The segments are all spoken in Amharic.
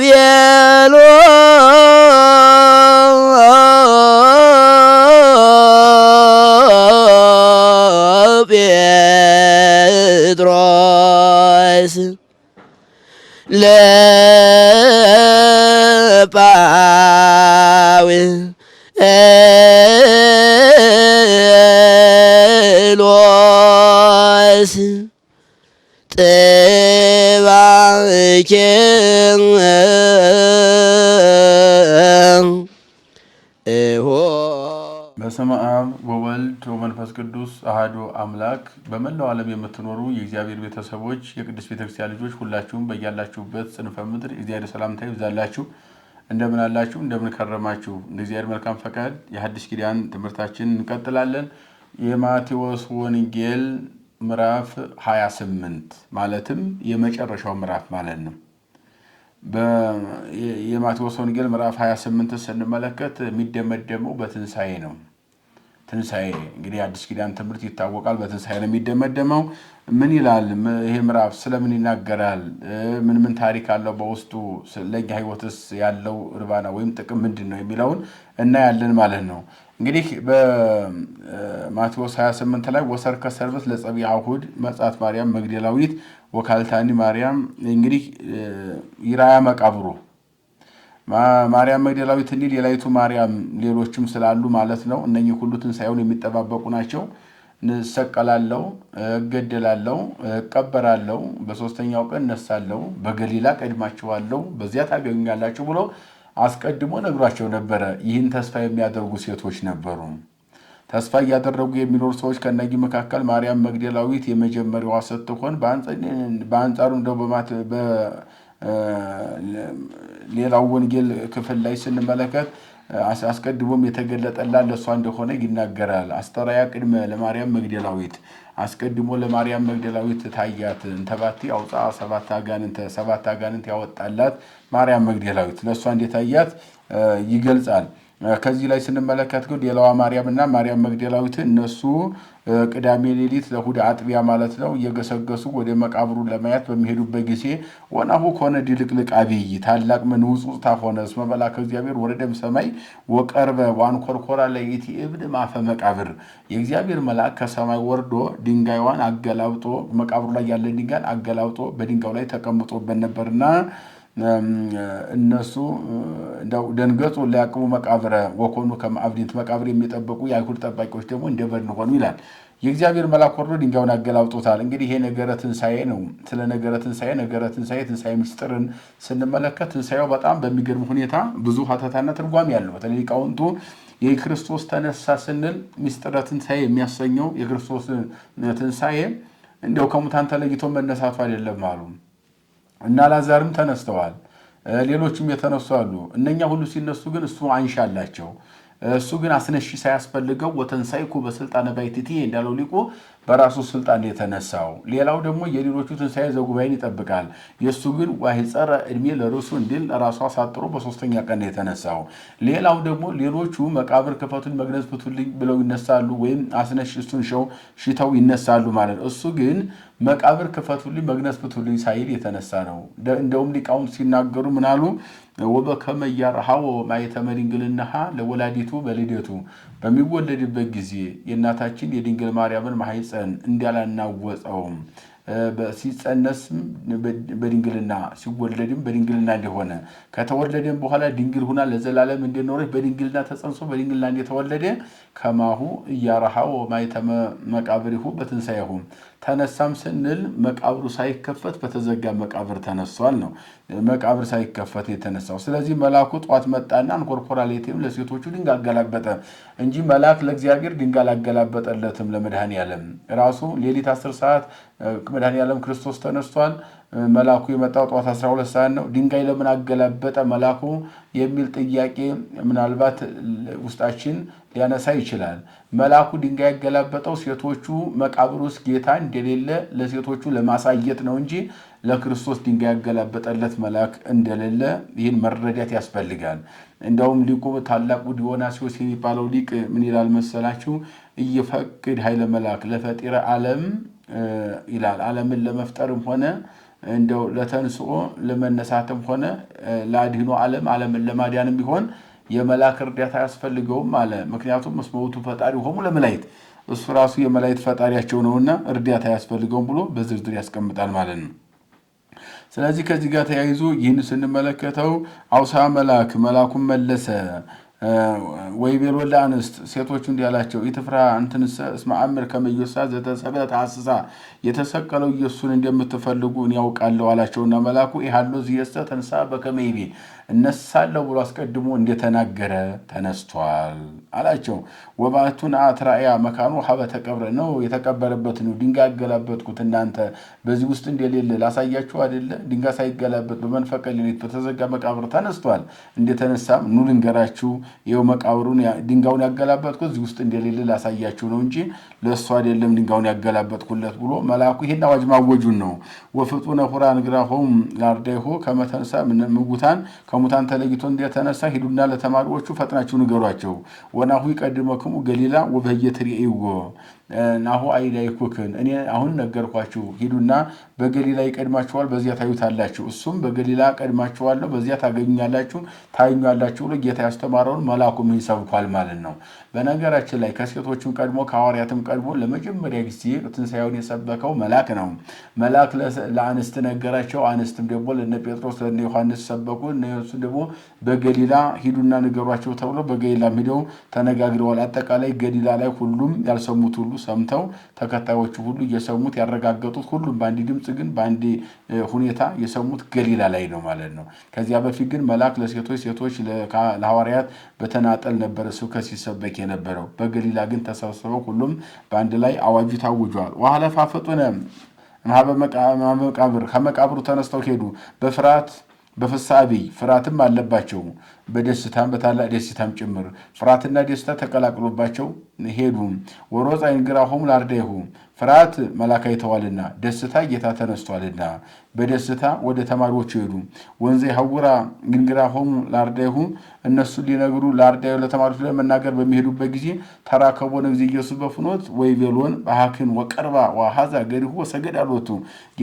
ቤሎ ጴጥሮስ ለጳዊ ኤሎስ ذكرك በስመ አብ ወወልድ ወመንፈስ ቅዱስ አህዶ አምላክ። በመላው ዓለም የምትኖሩ የእግዚአብሔር ቤተሰቦች የቅድስት ቤተክርስቲያን ልጆች ሁላችሁም በያላችሁበት ጽንፈ ምድር እግዚአብሔር ሰላምታ ይብዛላችሁ። እንደምን አላችሁ? እንደምን ከረማችሁ? እንደ እግዚአብሔር መልካም ፈቃድ የሐዲስ ኪዳን ትምህርታችን እንቀጥላለን። የማቴዎስ ወንጌል ምዕራፍ 28 ማለትም የመጨረሻው ምዕራፍ ማለት ነው። የማቴዎስ ወንጌል ምዕራፍ 28 ስንመለከት የሚደመደመው በትንሣኤ ነው። ትንሣኤ እንግዲህ አዲስ ኪዳን ትምህርት ይታወቃል። በትንሣኤ ነው የሚደመደመው። ምን ይላል ይሄ ምዕራፍ? ስለምን ይናገራል? ምን ምን ታሪክ አለው በውስጡ? ለእኛ ህይወትስ ያለው እርባና ወይም ጥቅም ምንድን ነው የሚለውን እናያለን ማለት ነው። እንግዲህ በማቴዎስ 28 ላይ ወሰርከ ሰርበት ለጸቢ አሁድ መጻት ማርያም መግደላዊት ወካልታኒ ማርያም እንግዲህ ይራያ መቃብሮ ማርያም መግደላዊት እሊል የላይቱ ማርያም ሌሎችም ስላሉ ማለት ነው። እነኚህ ሁሉ ትንሣኤውን የሚጠባበቁ ናቸው። እሰቀላለው፣ እገደላለው፣ እቀበራለው፣ በሶስተኛው ቀን እነሳለው፣ በገሊላ ቀድማችኋለው፣ በዚያ ታገኙኛላችሁ ብሎ አስቀድሞ ነግሯቸው ነበረ። ይህን ተስፋ የሚያደርጉ ሴቶች ነበሩ። ተስፋ እያደረጉ የሚኖሩ ሰዎች ከነዚህ መካከል ማርያም መግደላዊት የመጀመሪያዋ ስትሆን በአንጻሩ እንደው ሌላው ወንጌል ክፍል ላይ ስንመለከት አስቀድሞም የተገለጠላት ለእሷ እንደሆነ ይናገራል። አስተራያ ቅድመ ለማርያም መግደላዊት አስቀድሞ ለማርያም መግደላዊት ታያት እንተባቲ አውፃ ሰባት አጋንንት ሰባት አጋንንት ያወጣላት ማርያም መግደላዊት ለእሷ እንደታያት ይገልጻል። ከዚህ ላይ ስንመለከት ግን ሌላዋ ማርያም እና ማርያም መግደላዊት እነሱ ቅዳሜ ሌሊት ለእሑድ አጥቢያ ማለት ነው እየገሰገሱ ወደ መቃብሩን ለማየት በሚሄዱበት ጊዜ ወናሁ ከሆነ ድልቅልቅ አብይ ታላቅ ምን ውጽውጽታ ሆነ እስመ መልአከ እግዚአብሔር ወረደም ሰማይ ወቀርበ ዋንኮርኮራ ለይእቲ እብን ማፈ መቃብር የእግዚአብሔር መልአክ ከሰማይ ወርዶ ድንጋይዋን አገላብጦ መቃብሩ ላይ ያለ ድንጋይ አገላብጦ በድንጋዩ ላይ ተቀምጦበት ነበርና እነሱ እንደው ደንገጹ ሊያቅሙ መቃብረ ወኮኑ ከማዕብዲት መቃብር የሚጠበቁ የአይሁድ ጠባቂዎች ደግሞ እንደ በድን ሆኑ ይላል። የእግዚአብሔር መልአክ ወርዶ ድንጋዩን አገላብጦታል። እንግዲህ ይሄ ነገረ ትንሣኤ ነው። ስለ ነገረ ትንሣኤ ነገረ ትንሣኤ ትንሣኤ ምስጢርን ስንመለከት ትንሣኤው በጣም በሚገርም ሁኔታ ብዙ ሀተታና ትርጓሜ ያለው በተለይ ሊቃውንቱ የክርስቶስ ተነሳ ስንል ምስጢረ ትንሣኤ የሚያሰኘው የክርስቶስ ትንሣኤ እንዲያው ከሙታን ተለይቶ መነሳቱ አይደለም አሉ። እና ላዛርም ተነስተዋል። ሌሎችም የተነሱ አሉ። እነኛ ሁሉ ሲነሱ ግን እሱ አንሻ አላቸው። እሱ ግን አስነሺ ሳያስፈልገው ወተንሳይኩ በስልጣነ ባይቲቲ እንዳለው ሊቁ በራሱ ስልጣን የተነሳው። ሌላው ደግሞ የሌሎቹ ትንሣኤ ዘጉባኤን ይጠብቃል። የእሱ ግን ጸረ ዕድሜ ለርሱ እንዲል ራሱ አሳጥሮ በሶስተኛ ቀን የተነሳው። ሌላው ደግሞ ሌሎቹ መቃብር ክፈቱን፣ መግነዝ ፍቱልኝ ብለው ይነሳሉ፣ ወይም አስነሽ እሱን ሸው ሽተው ይነሳሉ ማለት ነው። እሱ ግን መቃብር ክፈቱልኝ፣ መግነዝ ፍቱልኝ ሳይል የተነሳ ነው። እንደውም ሊቃውንት ሲናገሩ ምናሉ ወበከመ ያርሃዎ ማኅተመ ለወላዲቱ በልደቱ በሚወለድበት ጊዜ የእናታችን የድንግል ማርያምን ማኅፀን እንዳላናወጠውም ሲጸነስም በድንግልና ሲወለድም በድንግልና እንደሆነ ከተወለደም በኋላ ድንግል ሁና ለዘላለም እንደኖረች በድንግልና ተጸንሶ በድንግልና እንደተወለደ ከማሁ እያረሃው ማይተመ መቃብሪሁ በትንሣኤሁ ተነሳም ስንል መቃብሩ ሳይከፈት በተዘጋ መቃብር ተነሷል ነው። መቃብር ሳይከፈት የተነሳው። ስለዚህ መልአኩ ጠዋት መጣና እንኮርፖራሌቴም ለሴቶቹ ድንጋይ አገላበጠ እንጂ መልአክ ለእግዚአብሔር ድንጋይ አላገላበጠለትም። ለመድኃኔ ዓለም ራሱ ሌሊት አስር ሰዓት መድኃኔ ዓለም ክርስቶስ ተነስቷል። መላኩ የመጣው ጠዋት 12 ሰዓት ነው። ድንጋይ ለምን አገላበጠ መላኩ የሚል ጥያቄ ምናልባት ውስጣችን ሊያነሳ ይችላል። መላኩ ድንጋይ ያገላበጠው ሴቶቹ መቃብር ውስጥ ጌታ እንደሌለ ለሴቶቹ ለማሳየት ነው እንጂ ለክርስቶስ ድንጋይ ያገላበጠለት መልአክ እንደሌለ ይህን መረዳት ያስፈልጋል። እንደውም ሊቁ ታላቁ ዲዮናስዮስ የሚባለው ሊቅ ምን ይላል መሰላችሁ? እየፈቅድ ኃይለ መልአክ ለፈጢረ ዓለም ይላል ዓለምን ለመፍጠርም ሆነ እንደው ለተንስኦ ለመነሳትም ሆነ ለአድህኖ ዓለም ዓለምን ለማዳንም ቢሆን የመላክ እርዳታ አያስፈልገውም አለ። ምክንያቱም እስመ ውእቱ ፈጣሪ ሆሙ ለመላእክት እሱ ራሱ የመላእክት ፈጣሪያቸው ነውና እርዳታ አያስፈልገውም ብሎ በዝርዝር ያስቀምጣል ማለት ነው። ስለዚህ ከዚህ ጋር ተያይዞ ይህን ስንመለከተው አውሳ መልአክ መልአኩም መለሰ ወይ ቤሎላ አንስት ሴቶቹ እንዲህ አላቸው፣ ኢትፍራ እንትንሰ እስመ አምር ከመ ኢዮሳ ዘተጸብአ ተሐስሳ የተሰቀለው ኢየሱስን እንደምትፈልጉ እኔ ያውቃለሁ አላቸውና መልአኩ ኢሃሎ ዝየሰ ተንሳ በከመ ይቤ እነሳለሁ ብሎ አስቀድሞ እንደተናገረ ተነስቷል አላቸው። ወባቱን አትራያ መካኑ ሀበተ ቀብረ ነው የተቀበረበት ነው። ድንጋይ አገላበጥኩት። እናንተ በዚህ ውስጥ እንደሌለ ላሳያችሁ አይደለ? ድንጋይ ሳይገላበጥ በመንፈቀ ሌሊት በተዘጋ መቃብር ተነስቷል። እንደተነሳም ኑ ልንገራችሁ፣ ይኸው መቃብሩን ድንጋዩን ያገላበጥኩት እዚህ ውስጥ እንደሌለ ላሳያችሁ ነው እንጂ ለእሱ አይደለም ድንጋዩን ያገላበጥኩለት ብሎ መልአኩ ይሄን አዋጅ ማወጁን ነው። ወፍጡነ ሁራ ንግራሆም ላርዳይሆ ከመተንሳ ምውታን ከሙታን ተለይቶ እንደተነሳ ሂዱና ለተማሪዎቹ ፈጥናችሁ ንገሯቸው ወናሁ ይቀድመክሙ ገሊላ ወበየትርኢዎ ናሁ አይላይኩክን እኔ አሁን ነገርኳችሁ፣ ሂዱና በገሊላ ይቀድማችኋል፣ በዚያ ታዩታላችሁ። እሱም በገሊላ ቀድማችኋለሁ፣ በዚያ ታገኙኛላችሁ፣ ታዩኛላችሁ ብሎ ጌታ ያስተማረውን መልአኩም ይህን ማለት ነው። በነገራችን ላይ ከሴቶችም ቀድሞ ከሐዋርያትም ቀድሞ ለመጀመሪያ ጊዜ ትንሣኤውን የሰበከው መልአክ ነው። መልአክ ለአንስት ነገራቸው፣ አንስትም ደግሞ ለነ ጴጥሮስ ለነ ዮሐንስ ሰበኩ። እነሱ ደግሞ በገሊላ ሂዱና ንገሯቸው ተብሎ በገሊላ ሂደው ተነጋግረዋል። አጠቃላይ ገሊላ ላይ ሁሉም ያልሰሙት ሁሉ ሰምተው ተከታዮቹ ሁሉ እየሰሙት ያረጋገጡት፣ ሁሉም በአንድ ድምፅ ግን በአንድ ሁኔታ የሰሙት ገሊላ ላይ ነው ማለት ነው። ከዚያ በፊት ግን መልአክ ለሴቶች ሴቶች ለሐዋርያት በተናጠል ነበረ ስብከት ሲሰበክ የነበረው። በገሊላ ግን ተሰብስበው ሁሉም በአንድ ላይ አዋጁ ታውጇል። ዋህለፋ ፍጡነ ከመቃብሩ ተነስተው ሄዱ በፍርሃት በፍስሐ አብይ ፍርሃትም አለባቸው፣ በደስታም በታላቅ ደስታም ጭምር ፍርሃትና ደስታ ተቀላቅሎባቸው ሄዱ። ወሮዝ አይንግራሆም ላርዳይሁ ፍርሃት መላካይተዋልና ደስታ ጌታ ተነስቷልና በደስታ ወደ ተማሪዎቹ ሄዱ። ወንዘ ሀውራ ሐውራ ግንግራሆሙ ላርዳይሁ እነሱ ሊነግሩ ላርዳዩ ለተማሪዎች ለመናገር በሚሄዱበት ጊዜ ተራከቦን ጊዜ ኢየሱስ በፍኖት ወይ ቬሎን በሀክን ወቀርባ ዋሃዛ ገሪሁ ወሰገድ አልወቱ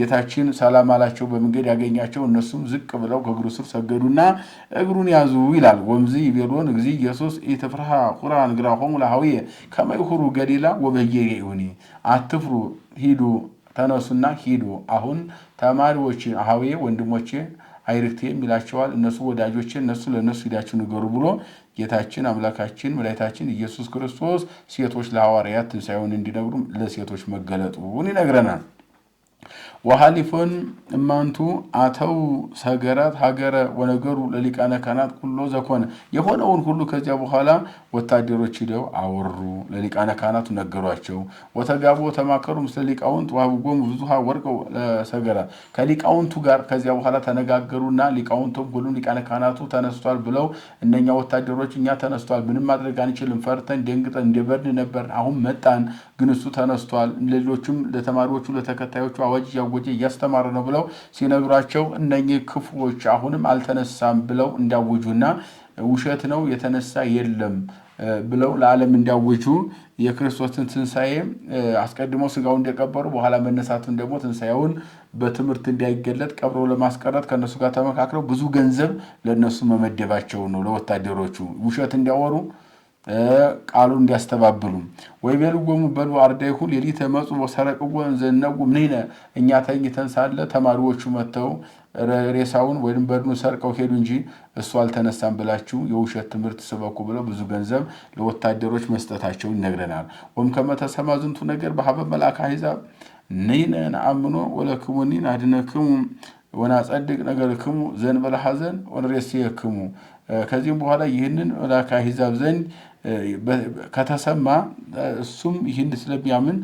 ጌታችን ሰላም አላቸው። በመንገድ ያገኛቸው እነሱም ዝቅ ብለው ከእግሩ ስር ሰገዱና እግሩን ያዙ ይላል። ወምዚ ቬሎን ጊዜ ኢየሱስ ኢትፍርሃ ቁራን ግራ ሆሙ ላሃውየ ከመይሁሩ ገሊላ ወበየ ይሁኒ አትፍ ፈጥሩ ሂዱ ተነሱና ሂዱ። አሁን ተማሪዎች አሃዌ ወንድሞቼ አይርክቴ ይላቸዋል። እነሱ ወዳጆችን እነሱ ለእነሱ ሂዳችሁ ንገሩ ብሎ ጌታችን አምላካችን መድኃኒታችን ኢየሱስ ክርስቶስ ሴቶች ለሐዋርያት ትንሣኤውን እንዲነግሩ ለሴቶች መገለጡን ይነግረናል። ወሃሊፎን እማንቱ አተው ሰገራት ሀገረ ወነገሩ ለሊቃነ ካህናት ኩሎ ዘኮነ የሆነውን ሁሉ ከዚያ በኋላ ወታደሮች ሂደው አወሩ፣ ለሊቃነ ካህናቱ ነገሯቸው። ወተጋቦ ተማከሩ ምስለ ሊቃውንት ዋብጎሙ ብዙሃ ወርቅ ሰገራት ከሊቃውንቱ ጋር ከዚያ በኋላ ተነጋገሩና ሊቃውንቱም ሁሉም ሊቃነ ካህናቱ ተነስቷል ብለው እነኛ ወታደሮች እኛ ተነስቷል፣ ምንም ማድረግ አንችልም፣ ፈርተን ደንግጠን እንደበርን ነበር፣ አሁን መጣን፣ ግን እሱ ተነስቷል። ሌሎችም ለተማሪዎቹ ለተከታዮቹ አዋጅ አድርጎ እያስተማረ ነው ብለው ሲነግሯቸው እነኚህ ክፉዎች አሁንም አልተነሳም ብለው እንዲያውጁና ውሸት ነው የተነሳ የለም ብለው ለዓለም እንዲያወጁ የክርስቶስን ትንሣኤ አስቀድሞ ስጋው እንደቀበሩ በኋላ መነሳቱን ደግሞ ትንሣኤውን በትምህርት እንዳይገለጥ ቀብረ ለማስቀረት ከእነሱ ጋር ተመካክለው ብዙ ገንዘብ ለእነሱ መመደባቸው ነው። ለወታደሮቹ ውሸት እንዲያወሩ ቃሉ እንዲያስተባብሉ ወይ ቤልጎሙ በሉ አርዳይሁ ሌሊተ መጹ ወሰረቅዎ እንዘነጉ ምንነ እኛ ተኝተን ሳለ ተማሪዎቹ መጥተው ሬሳውን ወይም በድኑ ሰርቀው ሄዱ እንጂ እሱ አልተነሳም ብላችሁ የውሸት ትምህርት ስበኩ ብለው ብዙ ገንዘብ ለወታደሮች መስጠታቸው ይነግረናል። ወም ከመተሰማ ዝንቱ ነገር በሀበ መልአክ አሕዛብ ነይነ ነአምኖ ወለክሙኒ ናድነክሙ ወናጸድቅ ነገር ነገርክሙ ዘንበለ ሐዘን የክሙ ከዚህም በኋላ ይህንን መልአከ አሕዛብ ዘንድ ከተሰማ እሱም ይህን ስለሚያምን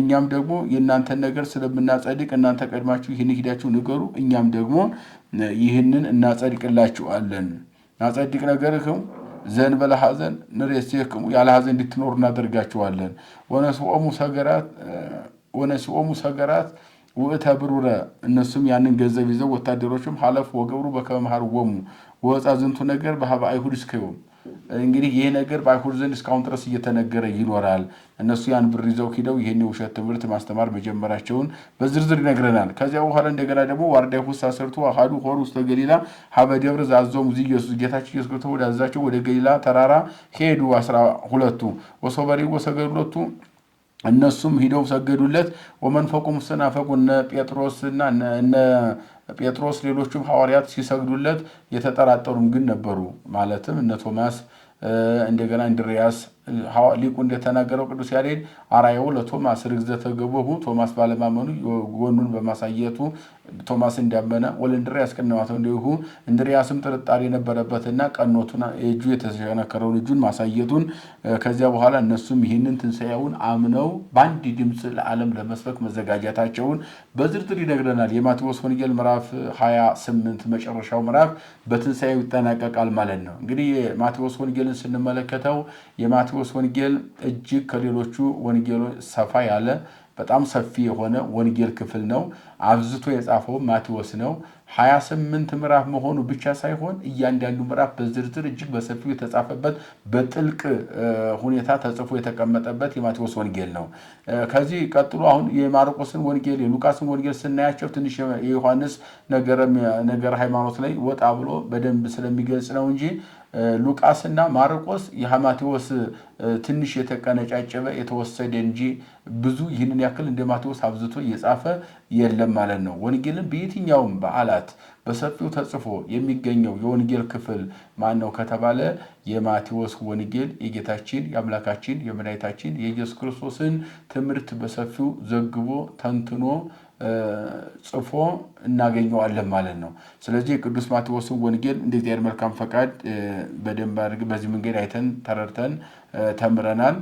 እኛም ደግሞ የእናንተን ነገር ስለምናጸድቅ እናንተ ቀድማችሁ ይህን ሂዳችሁ ንገሩ፣ እኛም ደግሞ ይህንን እናጸድቅላችኋለን። ናጸድቅ ነገርክሙ ዘን በለሐዘን ንሬስክሙ፣ ያለ ሐዘን እንድትኖሩ እናደርጋችኋለን። ወነስኦሙ ሰገራት ውእተ ብሩረ፣ እነሱም ያንን ገንዘብ ይዘው ወታደሮችም ሀለፍ ወገብሩ በከመ ወሙ ወፃ ዝንቱ ነገር በሀበ አይሁድ እስከዮም እንግዲህ ይሄ ነገር በአይሁድ ዘንድ እስካሁን ድረስ እየተነገረ ይኖራል። እነሱ ያን ብር ይዘው ሂደው ይህን የውሸት ትምህርት ማስተማር መጀመራቸውን በዝርዝር ይነግረናል። ከዚያ በኋላ እንደገና ደግሞ ዋርዳይ ሁሳ አሰርቶ አሃዱ ሆር ውስተ ገሊላ ሀበደብር ዛዞም ዚ ኢየሱስ ጌታችን ኢየሱስ ክርስቶስ ወዳዛቸው ወደ ገሊላ ተራራ ሄዱ። አስራ ሁለቱ ወሶበሪ ወሰገሎቱ እነሱም ሂደው ሰገዱለት። ወመንፈቁም ስናፈቁ እነ ጴጥሮስና እነ ጴጥሮስ፣ ሌሎቹም ሐዋርያት ሲሰግዱለት የተጠራጠሩም ግን ነበሩ። ማለትም እነ ቶማስ እንደገና እንድርያስ ሊቁ እንደተናገረው ቅዱስ ያሬድ አራየው ለቶማስ ርግዘተ ገቦሁ ቶማስ ባለማመኑ ጎኑን በማሳየቱ ቶማስ እንዲያመነ ወለእንድርያስ ቅንማተው እንዲሁ እንድርያስም ጥርጣሬ የነበረበትና ቀኖቱን የእጁ የተሸነከረውን እጁን ማሳየቱን ከዚያ በኋላ እነሱም ይህንን ትንሳኤውን አምነው በአንድ ድምፅ ለዓለም ለመስበክ መዘጋጀታቸውን በዝርዝር ይነግረናል። የማቴዎስ ወንጌል ምዕራፍ 28 መጨረሻው ምዕራፍ በትንሣኤው ይጠናቀቃል ማለት ነው። እንግዲህ የማቴዎስ ወንጌልን ስንመለከተው የማቴዎስ ወንጌል እጅግ ከሌሎቹ ወንጌሎች ሰፋ ያለ በጣም ሰፊ የሆነ ወንጌል ክፍል ነው። አብዝቶ የጻፈው ማቴዎስ ነው። ሀያ ስምንት ምዕራፍ መሆኑ ብቻ ሳይሆን እያንዳንዱ ምዕራፍ በዝርዝር እጅግ በሰፊው የተጻፈበት በጥልቅ ሁኔታ ተጽፎ የተቀመጠበት የማቴዎስ ወንጌል ነው። ከዚህ ቀጥሎ አሁን የማርቆስን ወንጌል የሉቃስን ወንጌል ስናያቸው ትንሽ የዮሐንስ ነገረ ሃይማኖት ላይ ወጣ ብሎ በደንብ ስለሚገልጽ ነው እንጂ ሉቃስና ማርቆስ የማቴዎስ ትንሽ የተቀነጫጨበ የተወሰደ እንጂ ብዙ ይህንን ያክል እንደ ማቴዎስ አብዝቶ እየጻፈ የለም ማለት ነው። ወንጌልን በየትኛውም በዓላት በሰፊው ተጽፎ የሚገኘው የወንጌል ክፍል ማን ነው ከተባለ የማቴዎስ ወንጌል የጌታችን የአምላካችን የመድኃኒታችን የኢየሱስ ክርስቶስን ትምህርት በሰፊው ዘግቦ ተንትኖ ጽፎ እናገኘዋለን ማለት ነው። ስለዚህ የቅዱስ ማቴዎስን ወንጌል እንደ እግዚአብሔር መልካም ፈቃድ በደንብ አድርገን በዚህ መንገድ አይተን ተረድተን ተምረናል።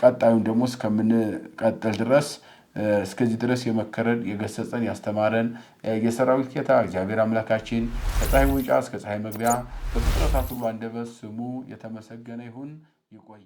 ቀጣዩን ደግሞ እስከምንቀጥል ድረስ እስከዚህ ድረስ የመከረን የገሰጸን ያስተማረን የሰራዊት ጌታ እግዚአብሔር አምላካችን ከፀሐይ መውጫ እስከ ፀሐይ መግቢያ በፍጥረታት ሁሉ አንደበት ስሙ የተመሰገነ ይሁን። ይቆየ